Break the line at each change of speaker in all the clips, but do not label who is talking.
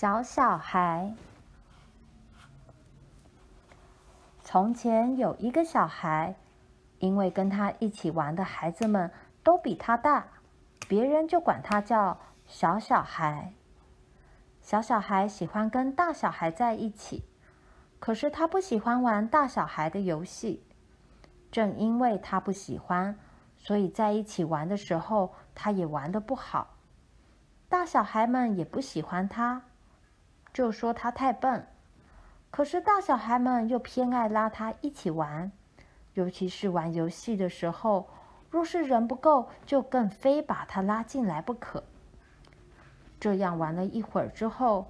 小小孩。從前有一個小孩，因為跟他一起玩的孩子們都比他大，別人就管他叫小小孩。小小孩喜歡跟大小孩在一起，可是他不喜歡玩大小孩的遊戲。正因為他不喜歡，所以在一起玩的時候，他也玩得不好。大小孩們也不喜歡他。就說他太笨，可是大小孩們又偏愛拉他一起玩，尤其是玩遊戲的時候，若是人不夠，就更非把他拉進來不可。這樣玩了一會兒之後，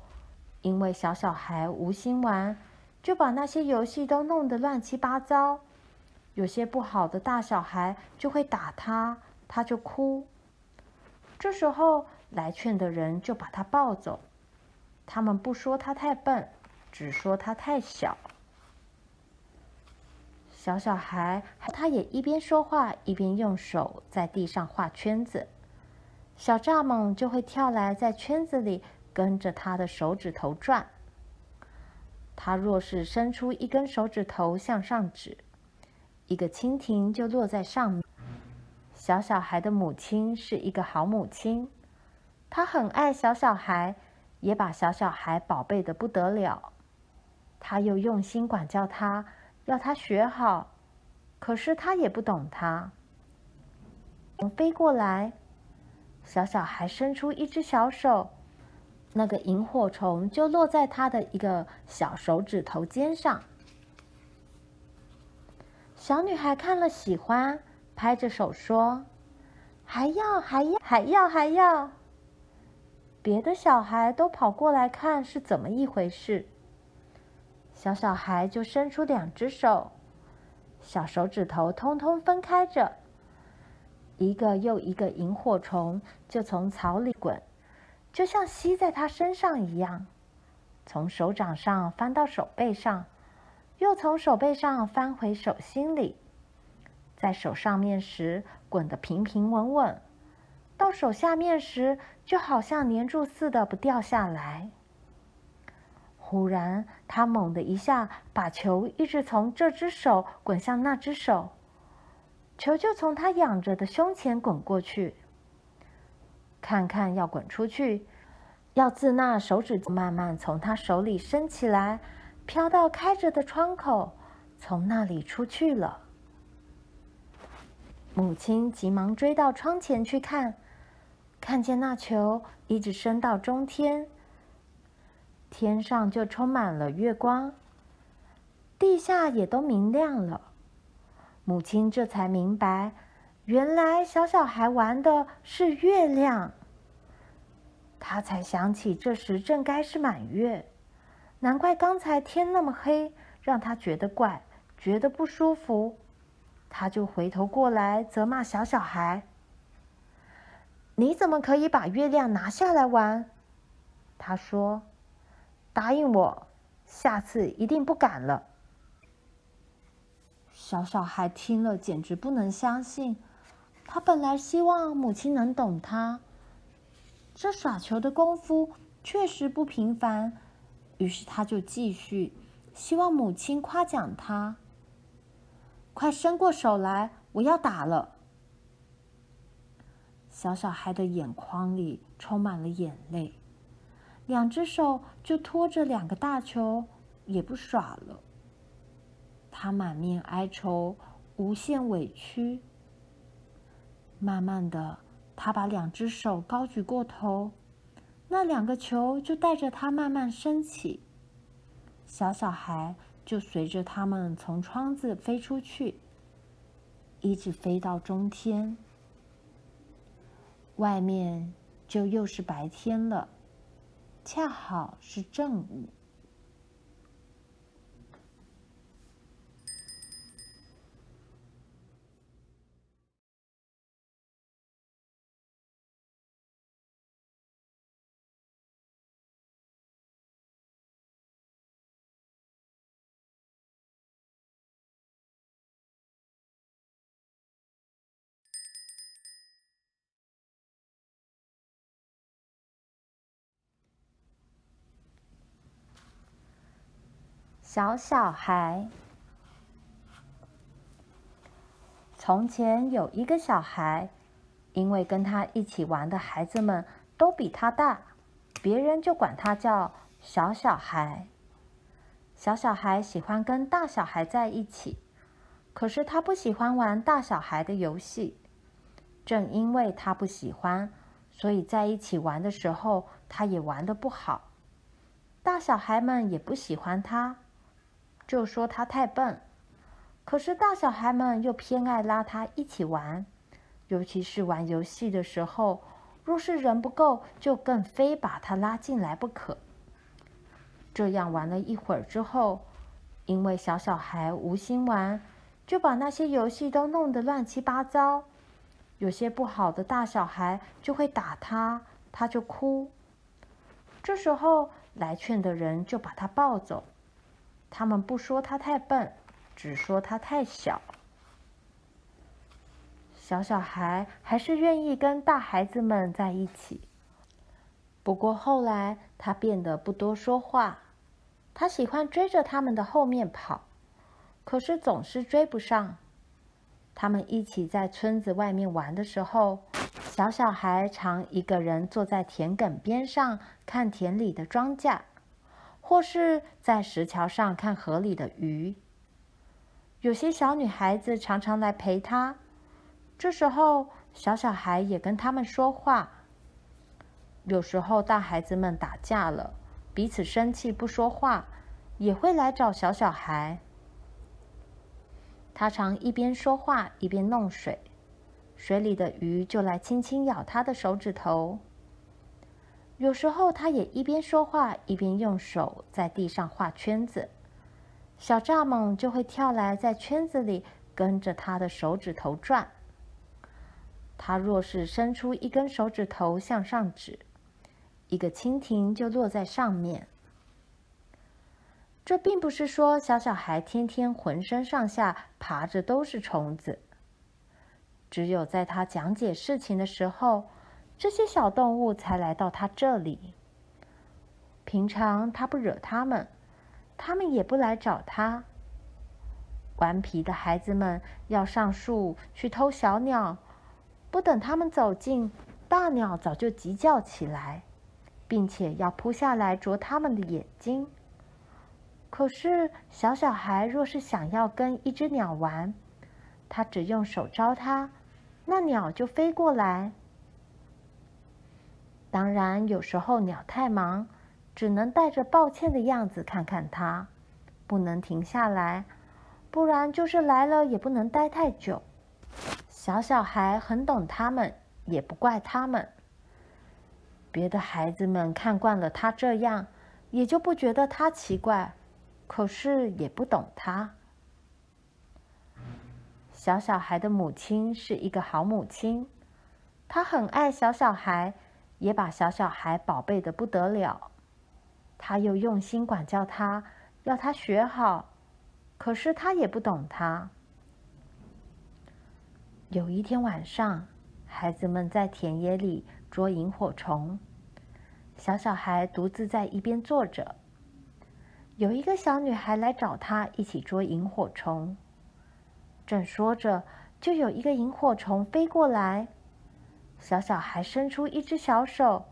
因為小小孩無心玩，就把那些遊戲都弄得亂七八糟，有些不好的大小孩就會打他，他就哭。這時候來勸的人就把他抱走。他們不說他太笨，只說他太小。小小孩他也一邊說話，一邊用手在地上畫圈子，小蚱蜢就會跳來，在圈子裡跟着他的手指頭轉。他若是伸出一根手指頭向上指，一個蜻蜓就落在上面。小小孩的母親是一個好母親，她很愛小小孩。也把小小孩寶貝得不得了，他又用心管教他，要他學好，可是他也不懂他。飛過來，小小孩伸出一隻小手，那個螢火蟲就落在他的一個小手指頭尖上。小女孩看了喜歡，拍着手說：“還要，還要，還要，還要。”別的小孩都跑過來看是怎麼一回事。小小孩就伸出兩隻手，小手指頭通通分開着，一個又一個螢火蟲就從草裡滾，就像吸在他身上一樣，從手掌上翻到手背上，又從手背上翻回手心裡，在手上面時滾得平平穩穩。到手下面時，就好像粘住似的，不掉下來。忽然，他猛地一下，把球一直從這隻手滾向那隻手，球就從他仰着的胸前滾過去。看看要滾出去，要自那手指慢慢從他手裡伸起來，飄到開着的窗口，從那裡出去了。母親急忙追到窗前去看。看見那球一直升到中天，天上就充滿了月光，地下也都明亮了。母親這才明白，原來小小孩玩的是月亮。她才想起這時正該是滿月，難怪剛才天那麼黑，讓她覺得怪，覺得不舒服。她就回頭過來責罵小小孩。你怎麼可以把月亮拿下來玩？”他說：“答應我，下次一定不敢了。”小小孩聽了簡直不能相信。他本來希望母親能懂他，這耍球的功夫確實不平凡，於是他就繼續，希望母親誇獎他。快伸過手來，我要打了。小小孩的眼眶裡充滿了眼淚，兩隻手就拖着兩個大球，也不耍了。他滿面哀愁，無限委屈。慢慢的，他把兩隻手高舉過頭，那兩個球就帶着他慢慢升起，小小孩就隨着他們從窗子飛出去，一直飛到中天。外面就又是白天了，恰好是正午。小小孩。從前有一個小孩，因為跟他一起玩的孩子們都比他大，別人就管他叫“小小孩”。小小孩喜歡跟大小孩在一起，可是他不喜歡玩大小孩的遊戲。正因為他不喜歡，所以在一起玩的時候，他也玩得不好。大小孩們也不喜歡他。就說他太笨，可是大小孩們又偏愛拉他一起玩，尤其是玩遊戲的時候，若是人不夠，就更非把他拉進來不可。這樣玩了一會兒之後，因為小小孩無心玩，就把那些遊戲都弄得亂七八糟，有些不好的大小孩就會打他，他就哭。這時候來勸的人就把他抱走。他們不說他太笨，只說他太小。小小孩還是願意跟大孩子們在一起。不過後來他變得不多說話，他喜歡追着他們的後面跑，可是總是追不上。他們一起在村子外面玩的時候，小小孩常一個人坐在田埂邊上看田裡的莊稼。或是在石橋上看河裡的魚。有些小女孩子常常來陪他。這時候，小小孩也跟他們說話。有時候大孩子們打架了，彼此生氣不說話，也會來找小小孩。他常一邊說話一邊弄水，水裡的魚就來輕輕咬他的手指頭。有時候，他也一邊說話，一邊用手在地上畫圈子，小蚱蜢就會跳來，在圈子裡跟着他的手指頭轉。他若是伸出一根手指頭向上指，一個蜻蜓就落在上面。這並不是說小小孩天天渾身上下爬着都是蟲子，只有在他講解事情的時候，這些小動物才來到他這裡。平常他不惹他們，他們也不來找他。頑皮的孩子們要上樹去偷小鳥，不等他們走近，大鳥早就急叫起來，並且要撲下來啄他們的眼睛。可是小小孩若是想要跟一隻鳥玩，他只用手招它，那鳥就飛過來。當然，有時候鳥太忙，只能帶着抱歉的樣子看看它，不能停下來，不然就是來了也不能待太久。小小孩很懂他們，也不怪他們。別的孩子們看慣了他這樣，也就不覺得他奇怪，可是也不懂他。小小孩的母親是一個好母親，她很愛小小孩。也把小小孩寶貝的不得了，他又用心管教他，要他學好，可是他也不懂他。有一天晚上，孩子們在田野裡捉螢火蟲，小小孩獨自在一邊坐着。有一個小女孩來找他一起捉螢火蟲，正說着，就有一個螢火蟲飛過來。小小孩伸出一隻小手，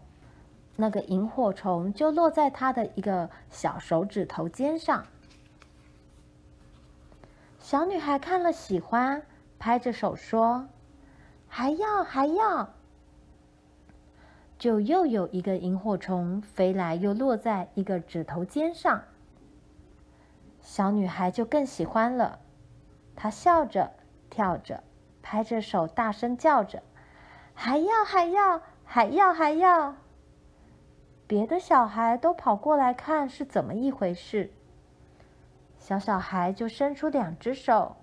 那個螢火蟲就落在他的一個小手指頭尖上。小女孩看了喜歡，拍着手說：“還要還要！”就又有一個螢火蟲飛來，又落在一個指頭尖上。小女孩就更喜歡了，她笑着跳着，拍着手，大聲叫着。還要還要還要還要！別的小孩都跑過來看是怎麼一回事。小小孩就伸出兩隻手，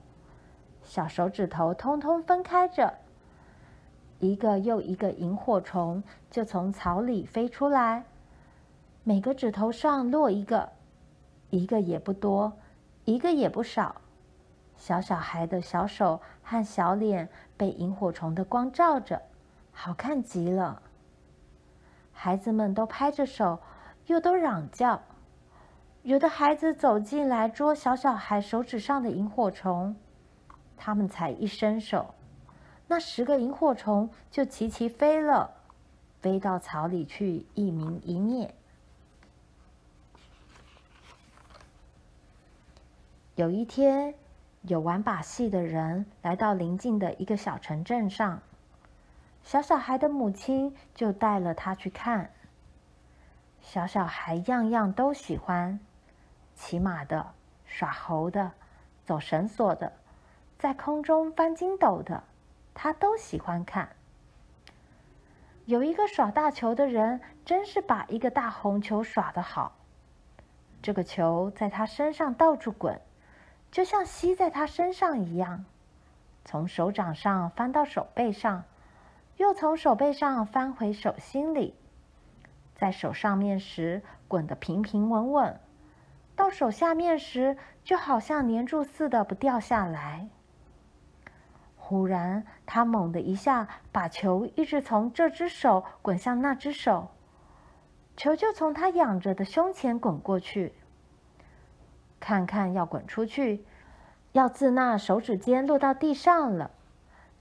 小手指頭通通分開着，一個又一個螢火蟲就從草裡飛出來，每個指頭上落一個，一個也不多，一個也不少。小小孩的小手和小臉被螢火蟲的光照着。好看極了，孩子們都拍着手，又都嚷叫。有的孩子走進來捉小小孩手指上的螢火蟲，他們才一伸手，那十個螢火蟲就齊齊飛了，飛到草裡去，一明一滅。有一天，有玩把戲的人來到鄰近的一個小城鎮上。小小孩的母親就帶了他去看。小小孩樣樣都喜歡，騎馬的、耍猴的、走繩索的、在空中翻筋斗的，他都喜歡看。有一個耍大球的人，真是把一個大紅球耍得好。這個球在他身上到處滾，就像吸在他身上一樣，從手掌上翻到手背上。又從手背上翻回手心裡，在手上面時滾得平平穩穩，到手下面時就好像粘住似的不掉下來。忽然，他猛地一下把球一直從這隻手滾向那隻手，球就從他仰着的胸前滾過去，看看要滾出去，要自那手指尖落到地上了。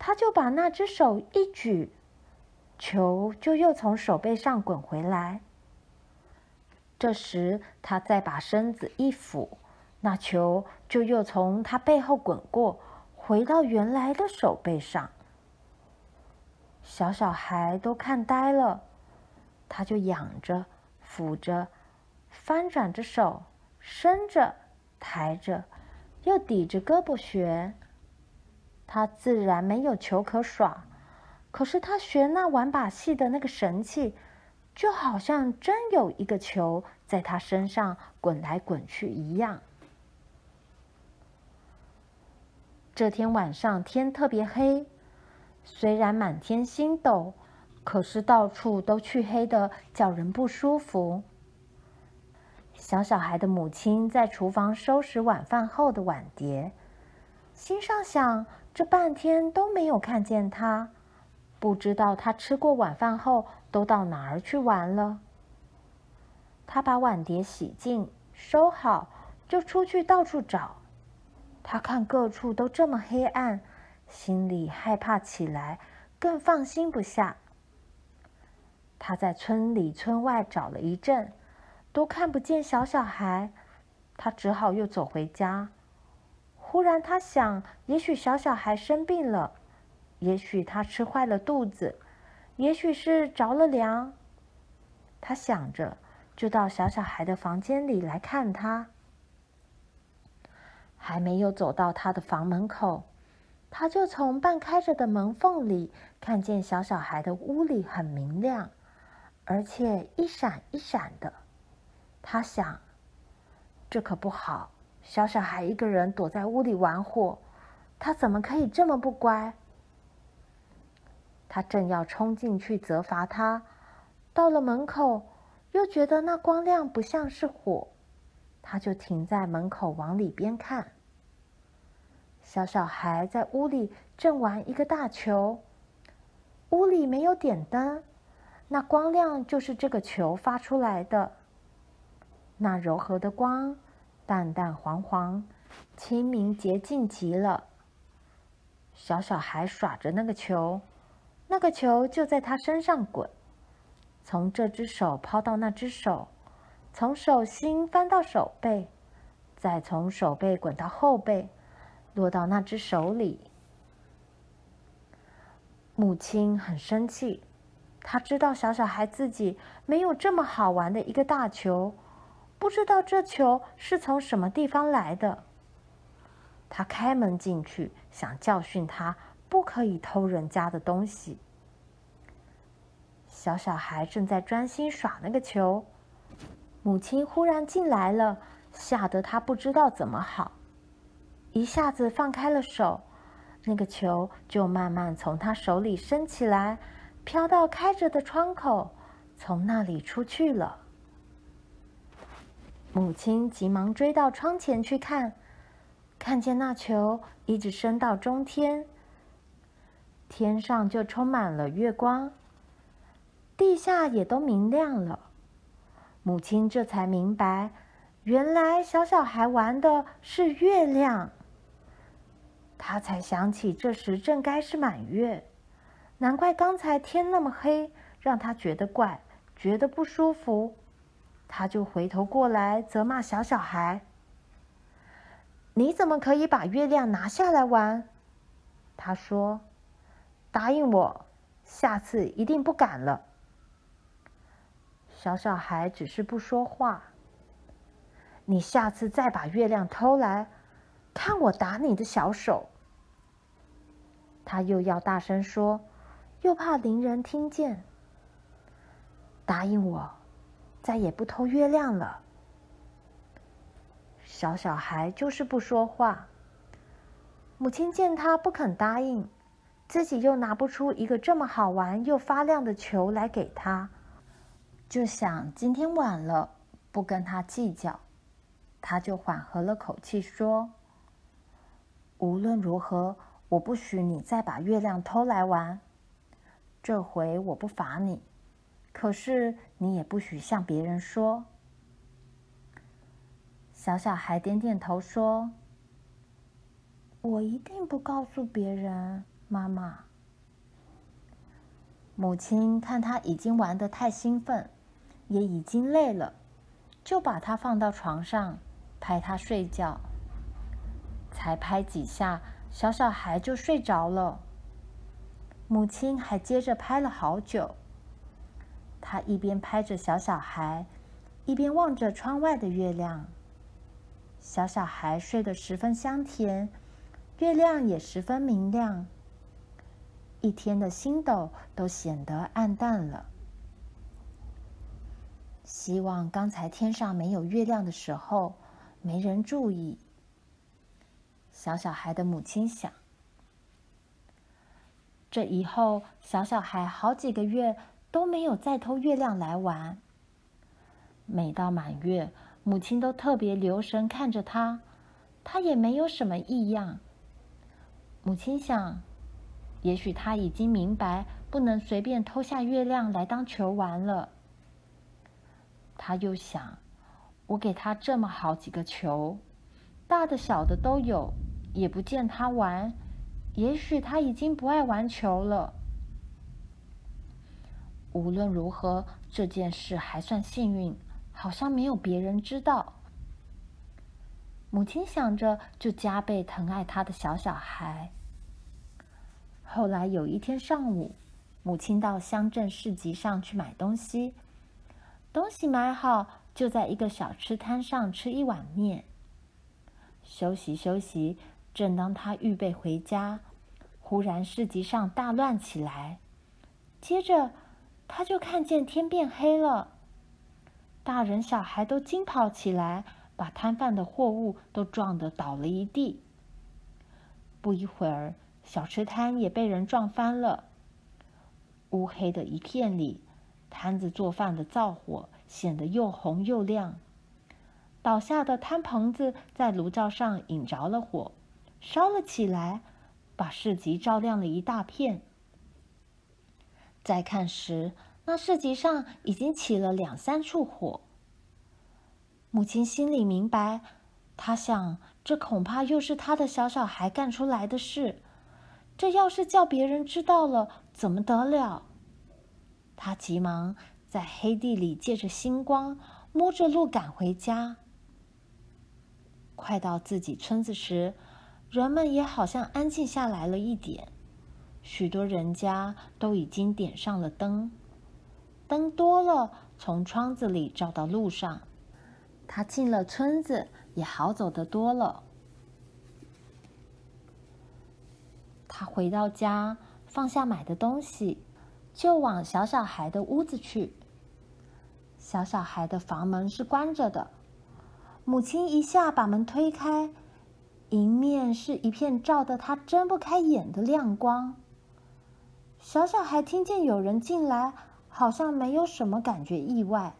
他就把那隻手一舉，球就又從手背上滾回來。這時他再把身子一俯，那球就又從他背後滾過，回到原來的手背上。小小孩都看呆了。他就仰着、俯着、翻轉着手、伸着、抬着，又抵着胳膊旋。他自然沒有球可耍，可是他學那玩把戲的那個神氣，就好像真有一個球在他身上滾來滾去一樣。這天晚上天特別黑，雖然滿天星斗，可是到處都黢黑的，叫人不舒服。小小孩的母親在廚房收拾晚飯後的碗碟，心上想。這半天都沒有看見他，不知道他吃過晚飯後都到哪兒去玩了？他把碗碟洗淨收好，就出去到處找。他看各處都這麼黑暗，心裡害怕起來，更放心不下。他在村裡村外找了一陣，都看不見小小孩，他只好又走回家。忽然，他想，也許小小孩生病了，也許他吃壞了肚子，也許是着了涼。他想着，就到小小孩的房間裡來看他。還沒有走到他的房門口，他就從半開着的門縫裡看見小小孩的屋裡很明亮，而且一閃一閃的。他想，這可不好。小小孩一個人躲在屋裡玩火，他怎麼可以這麼不乖？他正要衝進去責罰他，到了門口又覺得那光亮不像是火，他就停在門口往裡邊看。小小孩在屋裡正玩一個大球，屋裡沒有點燈，那光亮就是這個球發出來的，那柔和的光。淡淡黃黃，清明潔淨極了。小小孩耍着那個球，那個球就在他身上滾，從這隻手拋到那隻手，從手心翻到手背，再從手背滾到後背，落到那隻手裡。母親很生氣，她知道小小孩自己沒有這麼好玩的一個大球。不知道這球是從什麼地方來的。他開門進去，想教訓他不可以偷人家的東西。小小孩正在專心耍那個球，母親忽然進來了，嚇得他不知道怎麼好，一下子放開了手，那個球就慢慢從他手裡升起來，飄到開着的窗口，從那裡出去了。母親急忙追到窗前去看，看見那球一直升到中天，天上就充滿了月光，地下也都明亮了。母親這才明白，原來小小孩玩的是月亮。她才想起，這時正該是滿月，難怪剛才天那麼黑，讓她覺得怪，覺得不舒服。他就回頭過來責罵小小孩：“你怎麼可以把月亮拿下來玩？”他說：“答應我，下次一定不敢了。”小小孩只是不說話。你下次再把月亮偷來，看我打你的小手。他又要大聲說，又怕鄰人聽見。答應我。再也不偷月亮了。小小孩就是不說話。母親見他不肯答應，自己又拿不出一個這麼好玩又發亮的球來給他，就想今天晚了，不跟他計較。他就緩和了口氣說：“無論如何，我不許你再把月亮偷來玩。這回我不罰你。”可是，你也不許向別人說。小小孩點點頭說：“我一定不告訴別人。”媽媽，母親看他已經玩得太興奮，也已經累了，就把他放到床上，拍他睡覺。才拍幾下，小小孩就睡着了。母親還接着拍了好久。他一邊拍着小小孩，一邊望着窗外的月亮。小小孩睡得十分香甜，月亮也十分明亮，一天的星斗都顯得暗淡了。希望剛才天上沒有月亮的時候，沒人注意。小小孩的母親想：這以後，小小孩好幾個月都沒有再偷月亮來玩。每到滿月，母親都特別留神看着他，他也沒有什麼異樣。母親想，也許他已經明白不能隨便偷下月亮來當球玩了。他又想，我給他這麼好幾個球，大的小的都有，也不見他玩，也許他已經不愛玩球了。無論如何，這件事還算幸運，好像沒有別人知道。母親想着，就加倍疼愛她的小小孩。後來有一天上午，母親到鄉鎮市集上去買東西，東西買好，就在一個小吃攤上吃一碗麵，休息休息。正當她預備回家，忽然市集上大亂起來，接着他就看見天變黑了，大人小孩都驚跑起來，把攤販的貨物都撞得倒了一地。不一會兒，小吃攤也被人撞翻了。烏黑的一片裡，攤子做飯的灶火顯得又紅又亮，倒下的攤棚子在爐灶上引着了火，燒了起來，把市集照亮了一大片。再看時，那市集上已經起了兩三處火。母親心裡明白，她想這恐怕又是她的小小孩幹出來的事。這要是叫別人知道了，怎麼得了？她急忙在黑地裡借着星光摸着路趕回家。快到自己村子時，人們也好像安靜下來了一點。許多人家都已經點上了燈，燈多了，從窗子裡照到路上。他進了村子，也好走得多了。他回到家，放下買的東西，就往小小孩的屋子去。小小孩的房門是關着的，母親一下把門推開，迎面是一片照得他睜不開眼的亮光。小小孩聽見有人進來，好像沒有什麼感覺意外。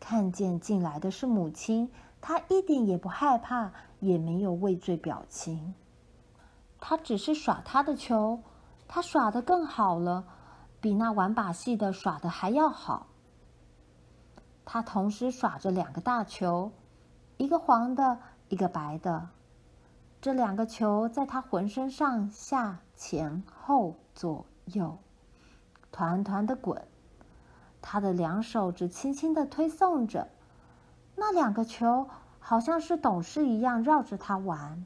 看見進來的是母親，他一點也不害怕，也沒有畏罪表情。他只是耍他的球，他耍得更好了，比那玩把戲的耍得還要好。他同時耍着兩個大球，一個黃的，一個白的。這兩個球在他渾身上下前後左。有，團團的滾。他的兩手只輕輕的推送着，那兩個球好像是懂事一樣繞着他玩。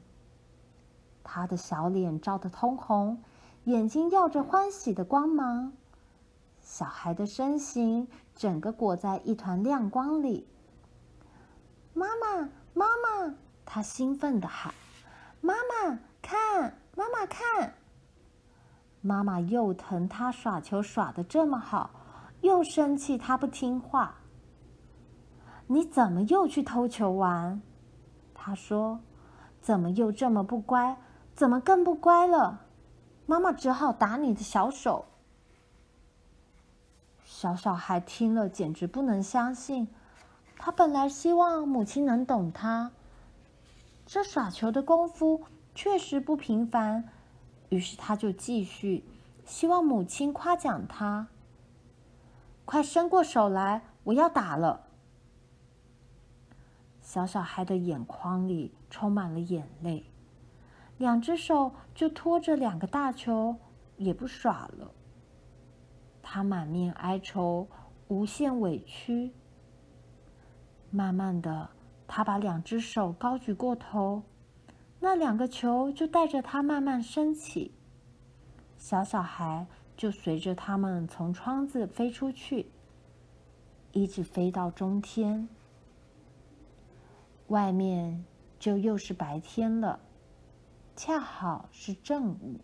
他的小臉照得通紅，眼睛耀着歡喜的光芒。小孩的身形整個裹在一團亮光裡。媽媽，媽媽，他興奮的喊：“媽媽，看！媽媽看！”媽媽又疼他耍球耍得這麼好，又生氣他不聽話。你怎麼又去偷球玩？他說：“怎麼又這麼不乖？怎麼更不乖了？”媽媽只好打你的小手。小小孩聽了簡直不能相信，他本來希望母親能懂他，這耍球的功夫確實不平凡。於是他就繼續，希望母親誇獎他。「快伸過手來，我要打了！小小孩的眼眶裡充滿了眼淚，兩隻手就托着兩個大球，也不耍了。他滿面哀愁，無限委屈。慢慢的，他把兩隻手高舉過頭。那兩個球就帶着他慢慢升起，小小孩就隨着它們從窗子飛出去，一直飛到中天。外面就又是白天了，恰好是正午。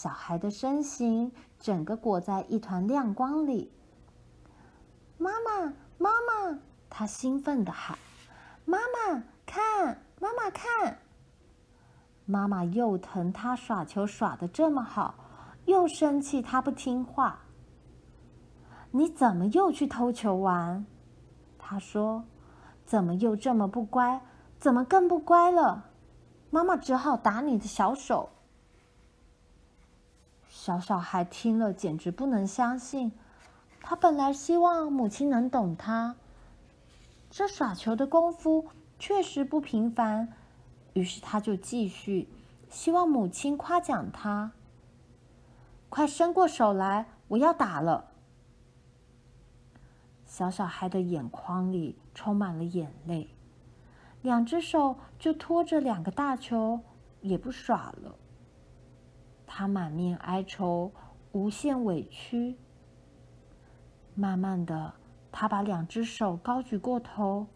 小孩的身形整個裹在一團亮光裡。媽媽，媽媽，他興奮的喊：“媽媽，看！媽媽看！”媽媽又疼他耍球耍得這麼好，又生氣他不聽話。你怎麼又去偷球玩？他說：“怎麼又這麼不乖？怎麼更不乖了？”媽媽只好打你的小手。小小孩聽了，簡直不能相信。他本來希望母親能懂他，這耍球的功夫確實不平凡。於是他就繼續，希望母親誇獎他。快伸過手來，我要打了！小小孩的眼眶裡充滿了眼淚，兩隻手就托着兩個大球，也不耍了。.他滿面哀愁，無限委屈。慢慢的，他把兩隻手高舉過頭，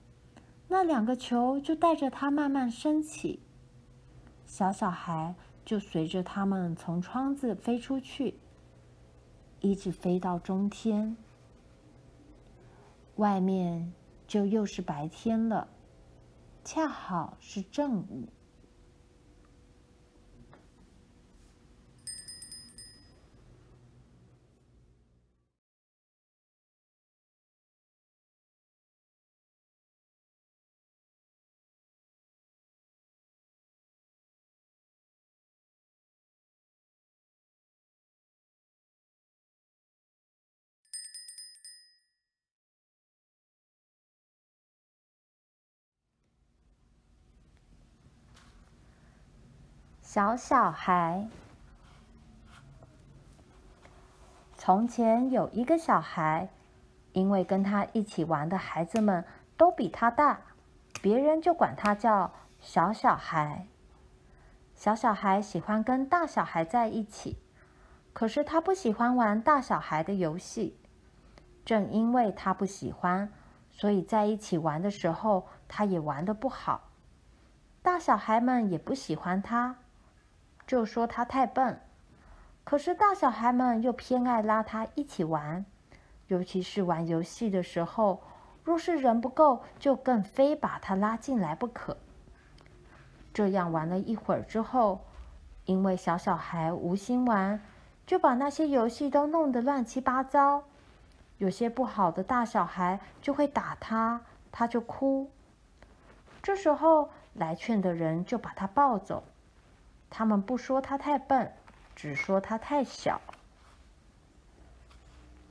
那兩個球就帶着他慢慢升起，小小孩就隨着他們從窗子飛出去，一直飛到中天，外面就又是白天了，恰好是正午。小小孩。從前有一個小孩，因為跟他一起玩的孩子們都比他大，別人就管他叫小小孩。小小孩喜歡跟大小孩在一起，可是他不喜歡玩大小孩的遊戲。正因為他不喜歡，所以在一起玩的時候，他也玩得不好。大小孩們也不喜歡他。就說他太笨，可是大小孩們又偏愛拉他一起玩，尤其是玩遊戲的時候，若是人不夠，就更非把他拉進來不可。這樣玩了一會兒之後，因為小小孩無心玩，就把那些遊戲都弄得亂七八糟，有些不好的大小孩就會打他，他就哭。這時候來勸的人就把他抱走。他們不說他太笨，只說他太小。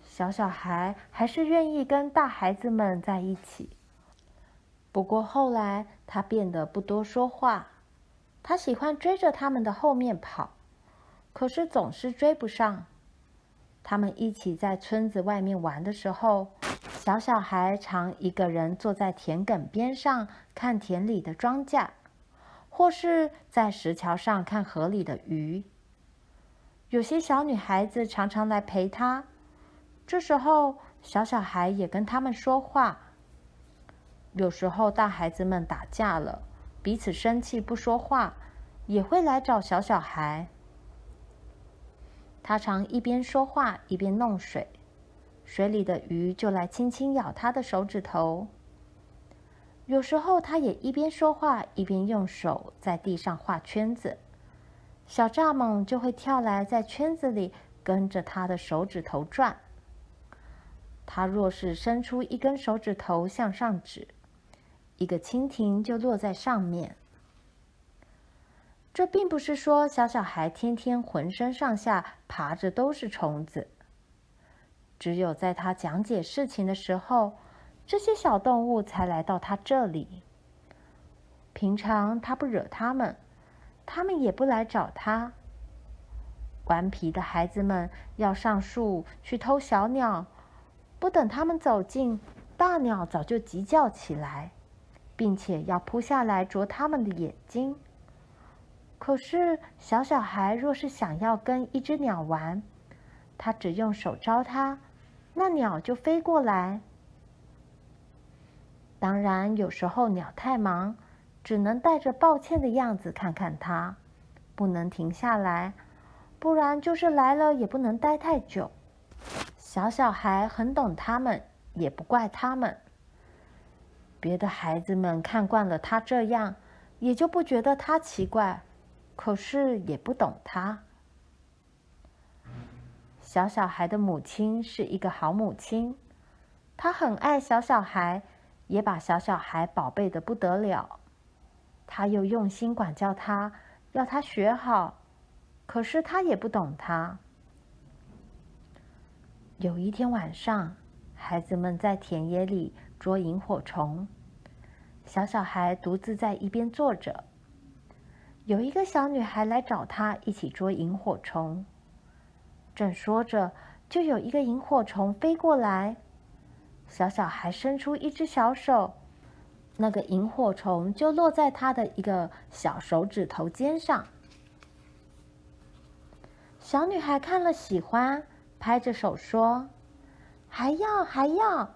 小小孩還是願意跟大孩子們在一起。不過後來他變得不多說話，他喜歡追着他們的後面跑，可是總是追不上。他們一起在村子外面玩的時候，小小孩常一個人坐在田埂邊上看田裡的莊稼。或是在石橋上看河裡的魚，有些小女孩子常常來陪他。這時候，小小孩也跟他們說話。有時候大孩子們打架了，彼此生氣不說話，也會來找小小孩。他常一邊說話一邊弄水，水裡的魚就來輕輕咬他的手指頭。有時候，他也一邊說話，一邊用手在地上畫圈子，小蚱蜢就會跳來，在圈子裡跟着他的手指頭轉。他若是伸出一根手指頭向上指，一個蜻蜓就落在上面。這並不是說小小孩天天渾身上下爬着都是蟲子，只有在他講解事情的時候，這些小動物才來到他這裡。平常他不惹它們，它們也不來找他。頑皮的孩子們要上樹去偷小鳥，不等他們走近，大鳥早就急叫起來，並且要撲下來啄他們的眼睛。可是，小小孩若是想要跟一隻鳥玩，他只用手招它，那鳥就飛過來。當然，有時候鳥太忙，只能帶着抱歉的樣子看看它，不能停下來，不然就是來了也不能待太久。小小孩很懂他們，也不怪他們。別的孩子們看慣了他這樣，也就不覺得他奇怪，可是也不懂他。小小孩的母親是一個好母親，她很愛小小孩。也把小小孩寶貝得不得了，他又用心管教他，要他學好，可是他也不懂他。有一天晚上，孩子們在田野裡捉螢火蟲，小小孩獨自在一邊坐着。有一個小女孩來找他一起捉螢火蟲，正說着，就有一個螢火蟲飛過來。小小孩伸出一隻小手，那個螢火蟲就落在她的一個小手指頭尖上。小女孩看了喜歡，拍着手說：“還要還要！”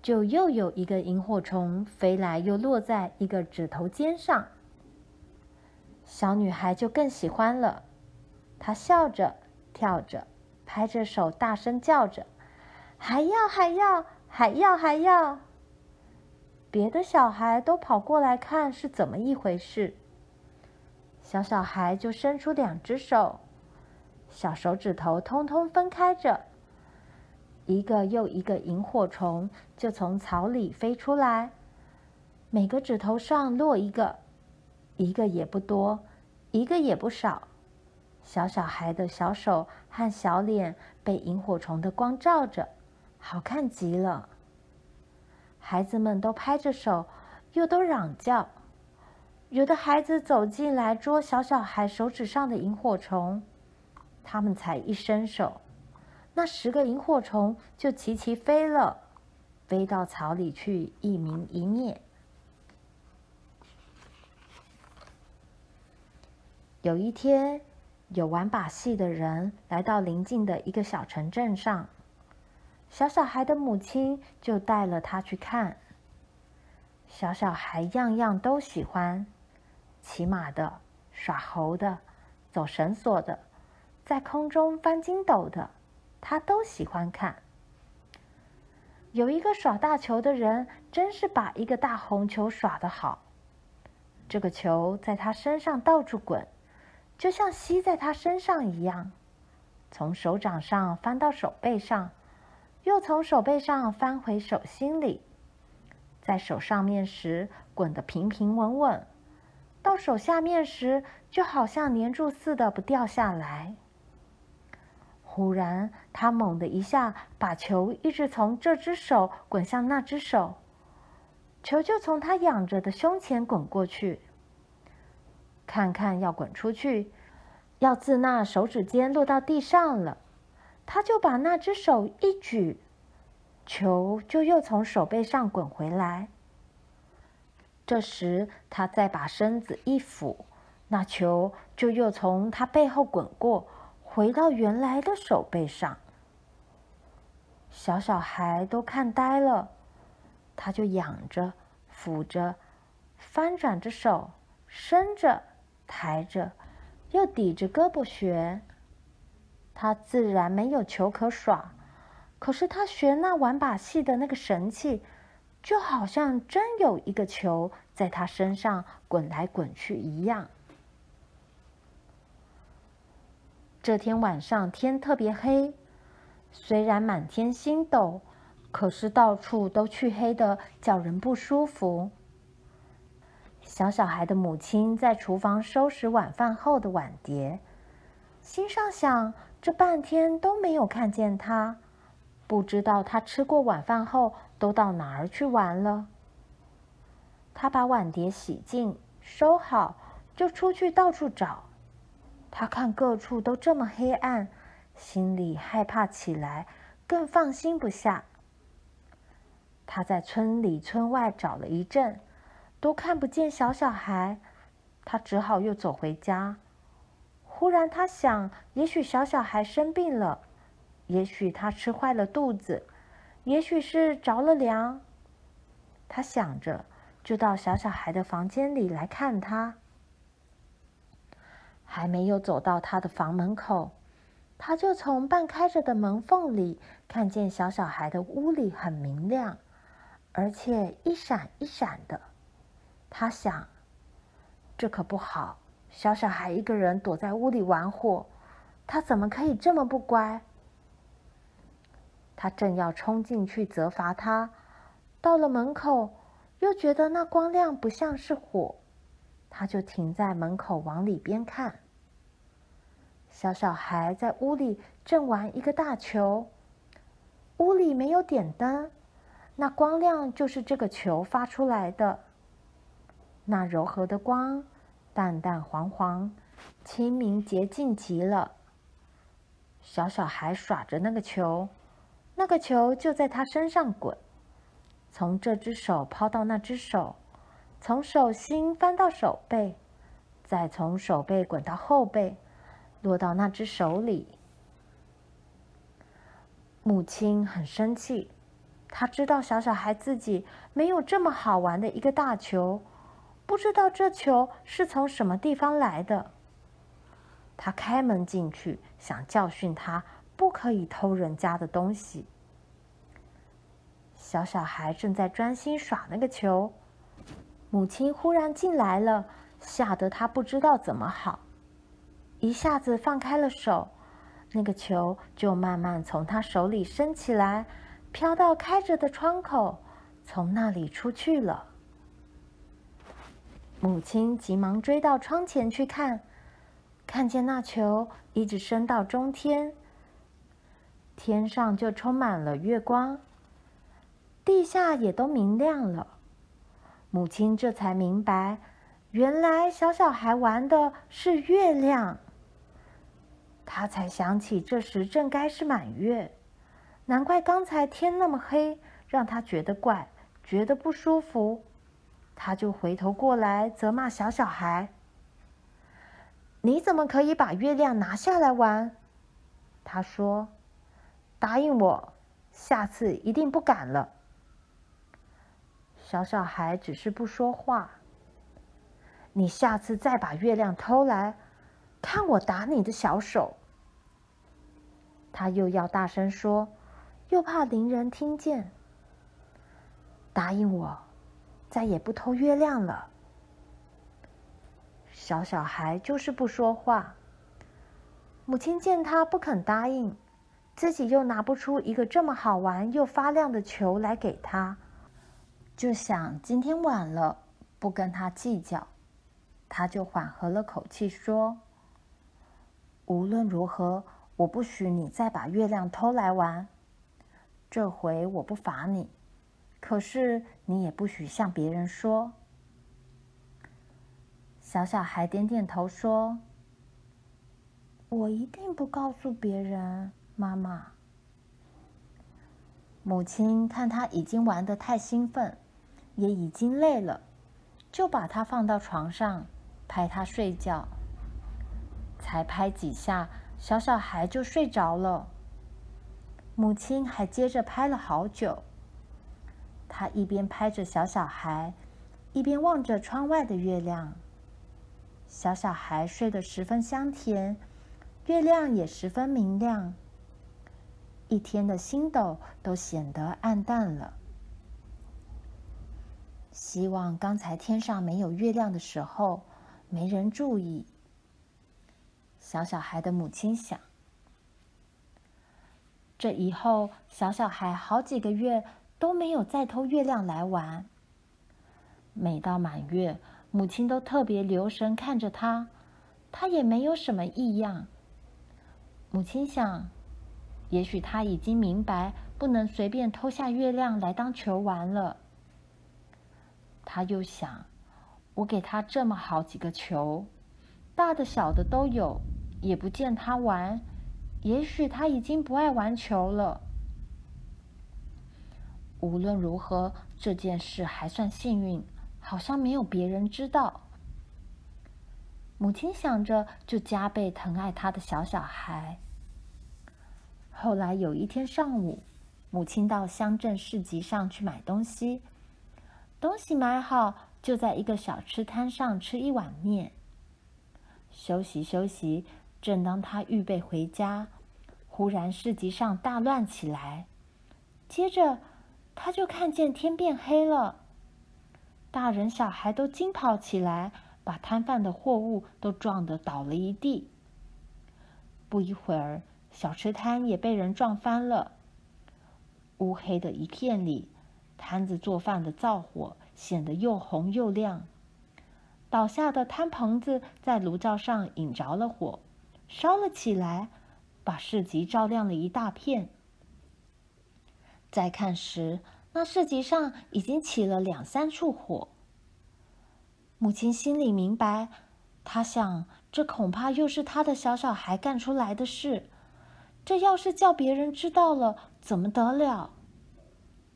就又有一個螢火蟲飛來，又落在一個指頭尖上。小女孩就更喜歡了，她笑着跳着，拍着手，大聲叫着。還要還要還要還要！別的小孩都跑過來看是怎麼一回事。小小孩就伸出兩隻手，小手指頭通通分開着，一個又一個螢火蟲就從草裡飛出來，每個指頭上落一個，一個也不多，一個也不少。小小孩的小手和小臉被螢火蟲的光照着。好看極了，孩子們都拍着手，又都嚷叫。有的孩子走進來捉小小孩手指上的螢火蟲，他們才一伸手，那十個螢火蟲就齊齊飛了，飛到草裡去，一明一滅。有一天，有玩把戲的人來到鄰近的一個小城鎮上。小小孩的母親就帶了他去看。小小孩樣樣都喜歡，騎馬的、耍猴的、走繩索的、在空中翻筋斗的，他都喜歡看。有一個耍大球的人，真是把一個大紅球耍得好。這個球在他身上到處滾，就像吸在他身上一樣，從手掌上翻到手背上。又從手背上翻回手心裡，在手上面時滾得平平穩穩，到手下面時就好像粘住似的不掉下來。忽然，他猛地一下把球一直從這只手滾向那只手，球就從他仰着的胸前滾過去，看看要滾出去，要自那手指尖落到地上了。他就把那隻手一舉，球就又從手背上滾回來。這時他再把身子一俯，那球就又從他背後滾過，回到原來的手背上。小小孩都看呆了，他就仰着、俯着、翻轉着手、伸着、抬着，又抵着胳膊旋。他自然沒有球可耍，可是他學那玩把戲的那個神氣，就好像真有一個球在他身上滾來滾去一樣。這天晚上天特別黑，雖然滿天星斗，可是到處都黢黑的，叫人不舒服。小小孩的母親在廚房收拾晚飯後的碗碟，心上想。這半天都沒有看見他，不知道他吃過晚飯後都到哪兒去玩了。他把碗碟洗淨收好，就出去到處找。他看各處都這麼黑暗，心裡害怕起來，更放心不下。他在村裡村外找了一陣，都看不見小小孩，他只好又走回家。忽然他想，也許小小孩生病了，也許他吃壞了肚子，也許是着了涼。他想着，就到小小孩的房間裡來看他。還沒有走到他的房門口，他就從半開着的門縫裡看見小小孩的屋裡很明亮，而且一閃一閃的。他想，這可不好。小小孩一個人躲在屋裡玩火，他怎麼可以這麼不乖？他正要衝進去責罰他，到了門口又覺得那光亮不像是火，他就停在門口往裡邊看。小小孩在屋裡正玩一個大球，屋裡沒有點燈，那光亮就是這個球發出來的，那柔和的光。淡淡黃黃，清明潔淨極了。小小孩耍着那個球，那個球就在他身上滾，從這隻手拋到那隻手，從手心翻到手背，再從手背滾到後背，落到那隻手裡。母親很生氣，她知道小小孩自己沒有這麼好玩的一個大球。不知道這球是從什麼地方來的。他開門進去，想教訓他，不可以偷人家的東西。小小孩正在專心耍那個球，母親忽然進來了，嚇得他不知道怎麼好，一下子放開了手，那個球就慢慢從他手裡升起來，飄到開着的窗口，從那裡出去了。母親急忙追到窗前去看，看見那球一直升到中天，天上就充滿了月光，地下也都明亮了。母親這才明白，原來小小孩玩的是月亮。她才想起，這時正該是滿月，難怪剛才天那麼黑，讓她覺得怪，覺得不舒服。他就回頭過來責罵小小孩：“你怎麼可以把月亮拿下來玩？”他說：“答應我，下次一定不敢了。”小小孩只是不說話。你下次再把月亮偷來，看我打你的小手。他又要大聲說，又怕鄰人聽見。答應我。再也不偷月亮了。小小孩就是不說話。母親見他不肯答應，自己又拿不出一個這麼好玩又發亮的球來給他，就想今天晚了，不跟他計較。他就緩和了口氣說：“無論如何，我不許你再把月亮偷來玩。這回我不罰你。”可是你也不許向別人說。小小孩點點頭說：“我一定不告訴別人。”媽媽，母親看他已經玩得太興奮，也已經累了，就把他放到床上，拍他睡覺。才拍幾下，小小孩就睡着了。母親還接着拍了好久。他一邊拍着小小孩，一邊望着窗外的月亮。小小孩睡得十分香甜，月亮也十分明亮，一天的星斗都顯得暗淡了。希望剛才天上沒有月亮的時候，沒人注意。小小孩的母親想：這以後，小小孩好幾個月。都沒有再偷月亮來玩。每到滿月，母親都特別留神看着他，他也沒有什麼異樣。母親想，也許他已經明白不能隨便偷下月亮來當球玩了。他又想，我給他這麼好幾個球，大的小的都有，也不見他玩，也許他已經不愛玩球了。無論如何，這件事還算幸運，好像沒有別人知道。母親想着，就加倍疼愛她的小小孩。後來有一天上午，母親到鄉鎮市集上去買東西，東西買好，就在一個小吃攤上吃一碗麵，休息休息。正當她預備回家，忽然市集上大亂起來，接着，他就看見天變黑了，大人小孩都驚跑起來，把攤販的貨物都撞得倒了一地。不一會兒，小吃攤也被人撞翻了。烏黑的一片裡，攤子做飯的灶火顯得又紅又亮。倒下的攤棚子在爐灶上引着了火，燒了起來，把市集照亮了一大片。再看時，那市集上已經起了兩三處火。母親心裡明白，她想，這恐怕又是她的小小孩幹出來的事。這要是叫別人知道了，怎麼得了？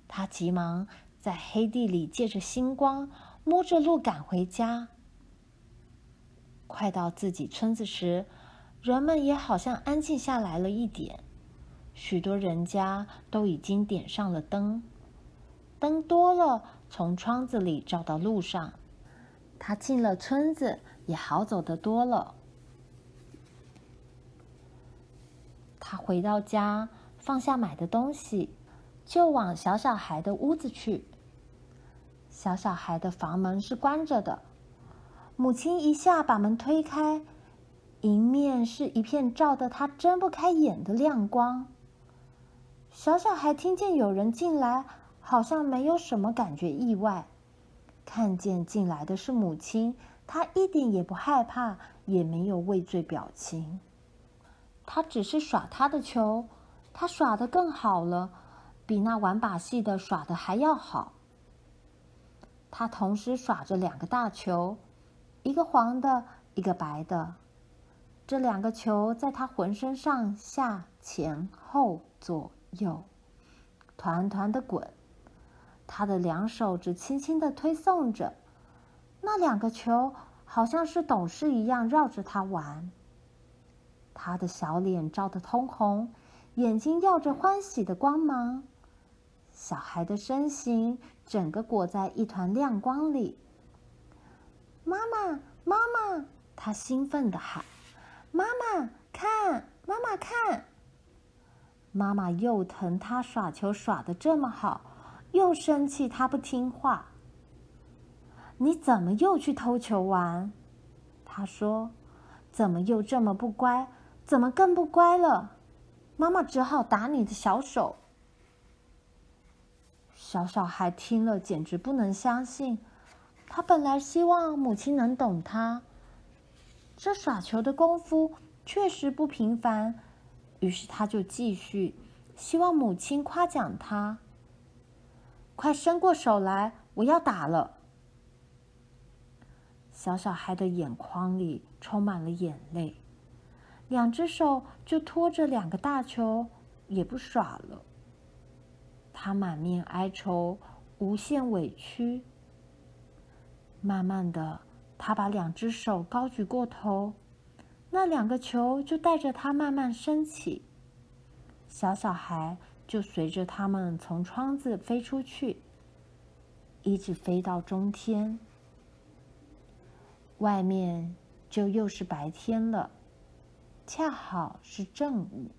她急忙在黑地裡借着星光，摸着路趕回家。快到自己村子時，人們也好像安靜下來了一點。許多人家都已經點上了燈，燈多了，從窗子裡照到路上。他進了村子，也好走得多了。他回到家，放下買的東西，就往小小孩的屋子去。小小孩的房門是關着的，母親一下把門推開，迎面是一片照得他睜不開眼的亮光。小小孩聽見有人進來，好像沒有什麼感覺意外。看見進來的是母親，他一點也不害怕，也沒有畏罪表情。他只是耍他的球，他耍得更好了，比那玩把戲的耍得還要好。他同時耍着兩個大球，一個黃的，一個白的。這兩個球在他渾身上下前後左。有，團團的滾，他的兩手指輕輕的推送着，那兩個球好像是懂事一樣繞着他玩。他的小臉照得通紅，眼睛耀着歡喜的光芒，小孩的身形整個裹在一團亮光裡。媽媽，媽媽，他興奮的喊：“媽媽，看，媽媽看！”媽媽又疼他，耍球耍得這麼好，又生氣他不聽話。你怎麼又去偷球玩？他說：“怎麼又這麼不乖？怎麼更不乖了？”媽媽只好打你的小手。小小孩聽了簡直不能相信，他本來希望母親能懂他，這耍球的功夫確實不平凡。於是他就繼續，希望母親誇獎他。快伸過手來，我要打了。小小孩的眼眶裡充滿了眼淚，兩隻手就拖着兩個大球，也不耍了。他滿面哀愁，無限委屈。慢慢的，他把兩隻手高舉過頭。那兩個球就帶着它慢慢升起，小小孩就隨着它們從窗子飛出去，一直飛到中天。外面就又是白天了，恰好是正午。